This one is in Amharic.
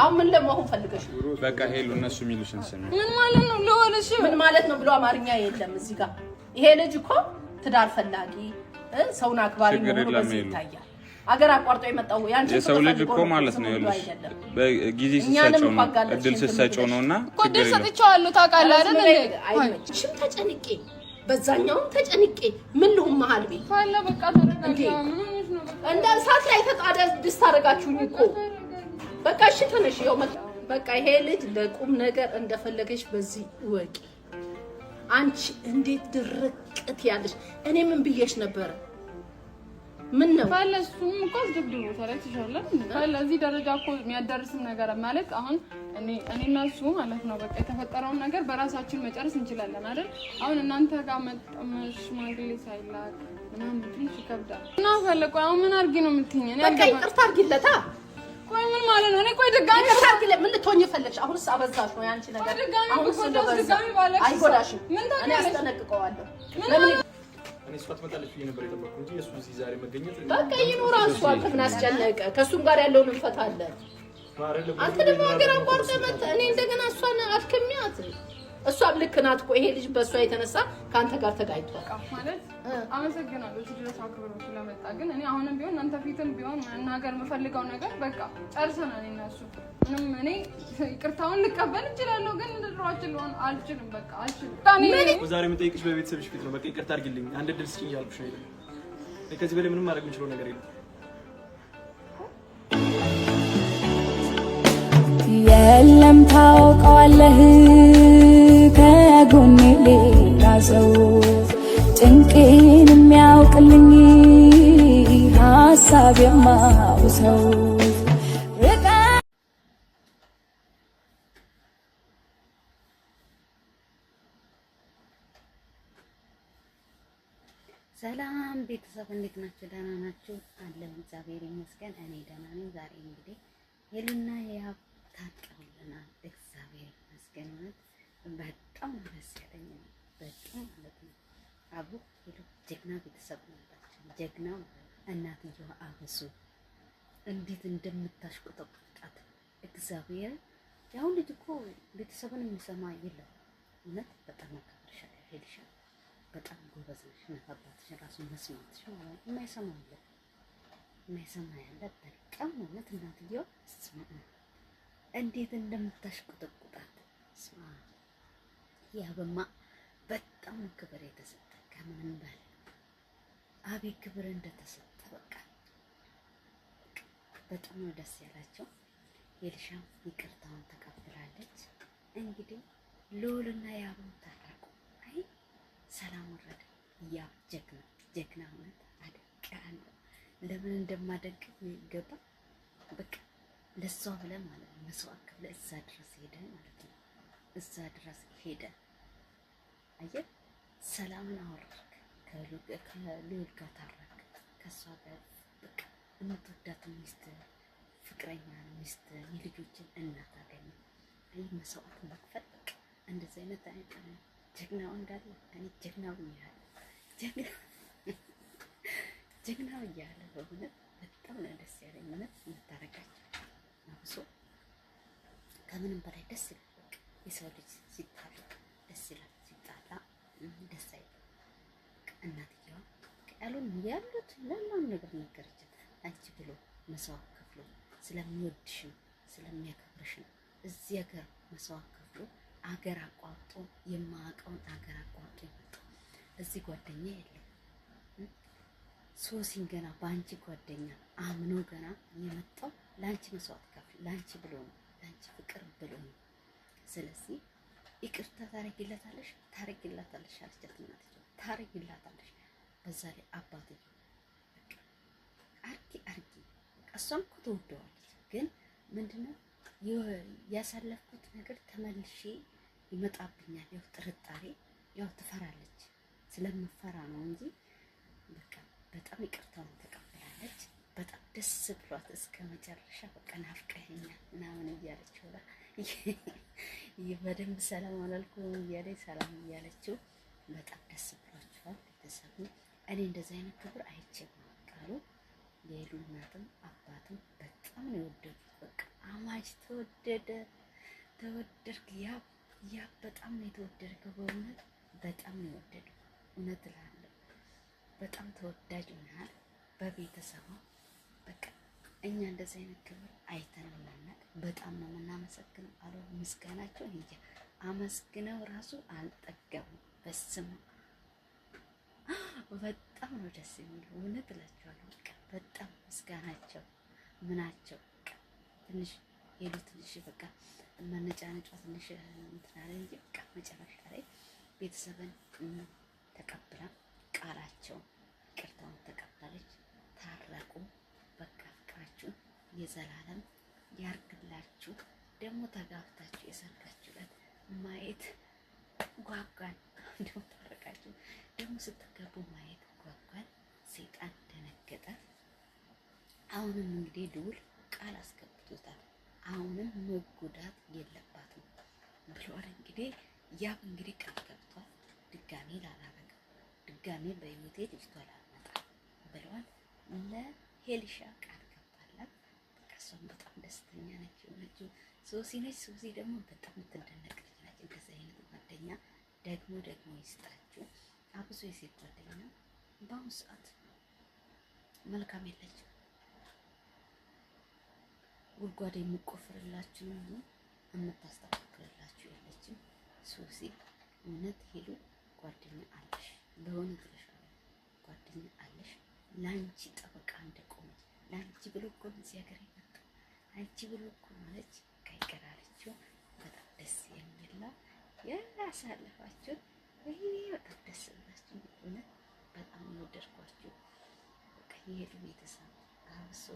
አሁን ምን ለመሆን ፈልገሽ? በቃ ሄሉ እነሱ የሚሉሽን ስሚ። ምን ማለት ነው ለወለሽ? ምን ማለት ነው ብሎ አማርኛ የለም እዚህ ጋር። ይሄ ልጅ እኮ ትዳር ፈላጊ ሰውን አክባሪ መሆኑ በዚህ ይታያል። አገር አቋርጦ የመጣው ያንቺ የሰው ልጅ እኮ ማለት ነው ያለሽ ጊዜ ስትሰጪው ነው እድል ስትሰጪው ነውና እኮ እድል ሰጥቼዋለሁ ታውቃለህ አይደል? አይመችሽም ተጨንቄ በዛኛውም ተጨንቄ ምን ልሁን መሀል ቤት እንደ እሳት ላይ ተጣደ ድስት አደረጋችሁኝ እኮ በቃ እሺ ተነሽ። ያው በቃ ይሄ ልጅ ለቁም ነገር እንደፈለገች በዚህ ወቂ። አንቺ እንዴት ድርቅት ያለሽ! እኔ ምን ብዬሽ ነበረ? ምን ነው ባለሱም እኮ አስደብድቦ ተረትሻለ። ለዚህ ደረጃ እኮ የሚያዳርስም ነገር ማለት አሁን እኔ እና እሱ ማለት ነው በቃ የተፈጠረውን ነገር በራሳችን መጨረስ እንችላለን አይደል? አሁን እናንተ ጋር መጠመሽ ሽማግሌ ሳይላክ ምናምን ትንሽ ይከብዳል እና ፈለቁ አሁን ምን አድርጊ ነው የምትይኝ? በቃ ይቅርታ አድርጊለታ ምን ማለት ነው? እኔ ቆይ ድጋሚ ምን ልትሆኝ ፈለግሽ? አሁንስ አበዛሽ ነው ያንቺ ነገር። አሁን አሁንስ እንደበዛ አይጎዳሽም። እኔ አስጠነቅቀዋለሁ። እኔ እሷ ትመጣለች ብዬሽ ነበር የጠበኩት እንጂ እሱ እዚህ ዛሬ መገኘት በቃ ይኑራ። እሱ አንተ ምን አስጨነቀ? ከእሱም ጋር ያለውን እንፈታለን። አንተ ደግሞ ሀገር አቋርጠህ መጣ። እኔ እንደገና እሷን አድክሚያት እሷም ልክ ናት እኮ ይሄ ልጅ በእሷ የተነሳ ከአንተ ጋር ተጋጭቷል ማለት። አመሰግናለሁ እዚህ ድረስ አክብሮ ስለመጣ። ግን እኔ አሁንም ቢሆን እናንተ ፊትም ቢሆን መናገር የምፈልገው ነገር በቃ ጨርሰናል። እኔ እና ምንም እኔ ይቅርታውን ልቀበል እችላለሁ፣ ግን እንድሯችን ልሆን አልችልም። በቃ አልችልም። ዛሬ የምጠይቅሽ በቤተሰብሽ ፊት ነው። በቃ ይቅርታ አድርጊልኝ፣ አንድ ድል ስጪኝ እያልኩሽ ነው። ከዚህ በላይ ምንም ማድረግ የምችለው ነገር የለም። የለም ታውቀዋለህ ከጎኔ ሌላ ሰው ጭንቄን የሚያውቅልኝ ሀሳብ የማውሰው ሰላም ቤተሰብ እንዴት ናችሁ? ደህና ናችሁ? አለን እግዚአብሔር ይመስገን። እኔ ደህና ነኝ። ዛሬ እንግዲህ ሄሉና የሀብ ታርቀውልናል። እግዚአብሔር ይመስገን ማለት በጣም ደስ ያለኝ በጣም ማለት ነው። አቡ ጀግና ቤተሰብ ናቸው። ጀግናው እናትየዋ አበሱ እንዴት እንደምታሽቆጠቁጣት እግዚአብሔር ያሁን ልጅ እኮ ቤተሰብን የሚሰማ የለም። እውነት በጣም አከብርሻለሁ፣ ሄድሻለሁ። በጣም ጎበዝ ነሽ። እናት አባትሽ ራሱ መስማትሽ ማለት የማይሰማ ያለ የማይሰማ ያለ በጣም እውነት እናትየዋ እንዴት እንደምታሽቆጠቁጣት ያበማ በጣም ክብር የተሰጠ ከምንም በላይ ክብር እንደተሰጠ በቃ በጣም ነው ደስ ያላቸው። የልሻም ይቅርታውን ተቀብላለች። እንግዲህ ሎልና ያብም ታረቁ። አይ ሰላም ወረደ። ጀግና ጀግና ለምን እንደማደግ ይገባ በቃ ማለት ነው መስዋዕት እዛ ድረስ ሄደ ማለት ነው። እዛ ድረስ ሄደ። አየህ ሰላምን አወረድክ፣ ከልዑል ጋር ታረክ፣ ከእሷ ጋር በቃ የምትወዳት ሚስት ፍቅረኛ ሚስት የልጆችን እናት አገኘ። አይ መስዋዕት መክፈል በቃ እንደዚህ አይነት አይጠነ ጀግናው እንዳለ እኔ ጀግናው እያለ ጀግናው እያለ በእውነት በጣም ነው ደስ ያለኝ። እውነት መታረቃቸው አብሶ ከምንም በላይ ደስ ይላል። በቃ የሰው ልጅ ሲታረቅ ደስ ይላል። ሲጣላ ደስ አይልም። እናትየዋ ያሉን ያሉት ለማን ነገር ነገረችን። አንቺ ብሎ መስዋዕት ከፍሎ ስለሚወድሽ ነው ስለሚያከብርሽ ነው እዚህ ሀገር መስዋዕት ከፍሎ አገር አቋርጦ የማያውቀውን አገር አቋርጦ የመጣው እዚህ ጓደኛ የለም። ሶሲን ገና በአንቺ ጓደኛ አምኖ ገና የመጣው ለአንቺ መስዋዕት ከፍሎ ለአንቺ ብሎ ነው ለአንቺ ፍቅር ብሎ ነው። ስለዚህ ይቅርታ ታረጊላታለሽ ታረጊላታለሽ አለቻት። እናትዬ ታረጊላታለሽ። በዛ ላይ አባትዬ አርጊ አርጊ። እሷም እኮ ትወደዋለች። ግን ምንድነው ያሳለፍኩት ነገር ተመልሼ ይመጣብኛል። ያው ጥርጣሬ፣ ያው ትፈራለች። ስለምፈራ ነው እንጂ በቃ በጣም ይቅርታውን ተቀብላለች። በጣም ደስ ብሏት እስከ መጨረሻ በቃ ናፍቀኸኛል ምናምን እያለች በደንብ ሰላም አላልኩም እያለ ሰላም እያለችው በጣም ደስ ብሏቸዋል። ቤተሰቡ እኔ እንደዚህ አይነት ክብር አይቼም አውቃለሁ። የሄሉ እናትም አባትም በጣም ነው የወደዱት። በቃ አማች ተወደደ ተወደድክ። ያ ያ በጣም ነው የተወደድከው። በእውነት በጣም ነው የወደዱ። እውነት እላለሁ በጣም ተወዳጅ ሆናል በቤተሰቡ በቃ እኛ እንደዚህ አይነት ክብር አይተን እናናቅ። በጣም ነው የምናመሰግነው። አሉ ምስጋናቸው እንጂ አመስግነው ራሱ አልጠገቡም። በስሙ በጣም ነው ደስ የሚል እውነት እላቸዋለሁ። በቃ በጣም ምስጋናቸው ምናቸው ትንሽ ሄዱ። ትንሽ በቃ መነጫነጫ ትንሽ እንትን አለ እንጂ በቃ መጨረሻ ላይ ቤተሰብን ተቀብላ ቃላቸውን ቅርታውን ተቀበለች። ታረቁ በቃ ፍቅራችሁ የዘላለም ያርግላችሁ። ደግሞ ተጋብታችሁ የሰርጋችሁበት ማየት ጓጓን። እንደው ታረቃችሁ ደግሞ ስትገቡ ማየት ጓጓን። ሰይጣን ደነገጠ። አሁንም እንግዲህ ልውል ቃል አስገብቶታል። አሁንም መጎዳት የለባትም ብለዋል። እንግዲህ ያብ እንግዲህ ቃል ገብቷል። ድጋሜ ላላረግም፣ ድጋሜ በህይወቴ ልጅቷ ላልመጣ ብለዋል ለሄልሻ እሷም በጣም ደስተኛ ነች ሆነች። ሶሲ ነች። ሶሲ ደግሞ በጣም የምትደነቅ ነች። እንደዚህ አይነት ጓደኛ ደግሞ ደግሞ ይስጣችሁ። አብዙ የሴት ጓደኛ በአሁኑ ሰዓት መልካም የለችም። ጉድጓድ የሚቆፍርላችሁ ነው የምታስተካክልላችሁ የለችም። ሶሲ እውነት ሄዱ ጓደኛ አለሽ፣ ለሆነ ድረሻለ ጓደኛ አለሽ። ለአንቺ ጠበቃ እንደቆመች ለአንቺ ብሎ እኮ እዚህ ሀገር አንቺ ብሎ እኮ ማለች ከይቀራለችው በጣም ደስ የሚል ነው ያሳለፋችሁት። ይሄ በጣም ደስ ብላችሁ እውነት በጣም ወደድኳችሁ። በቃ የሄዱ ቤተሰብ አብሶ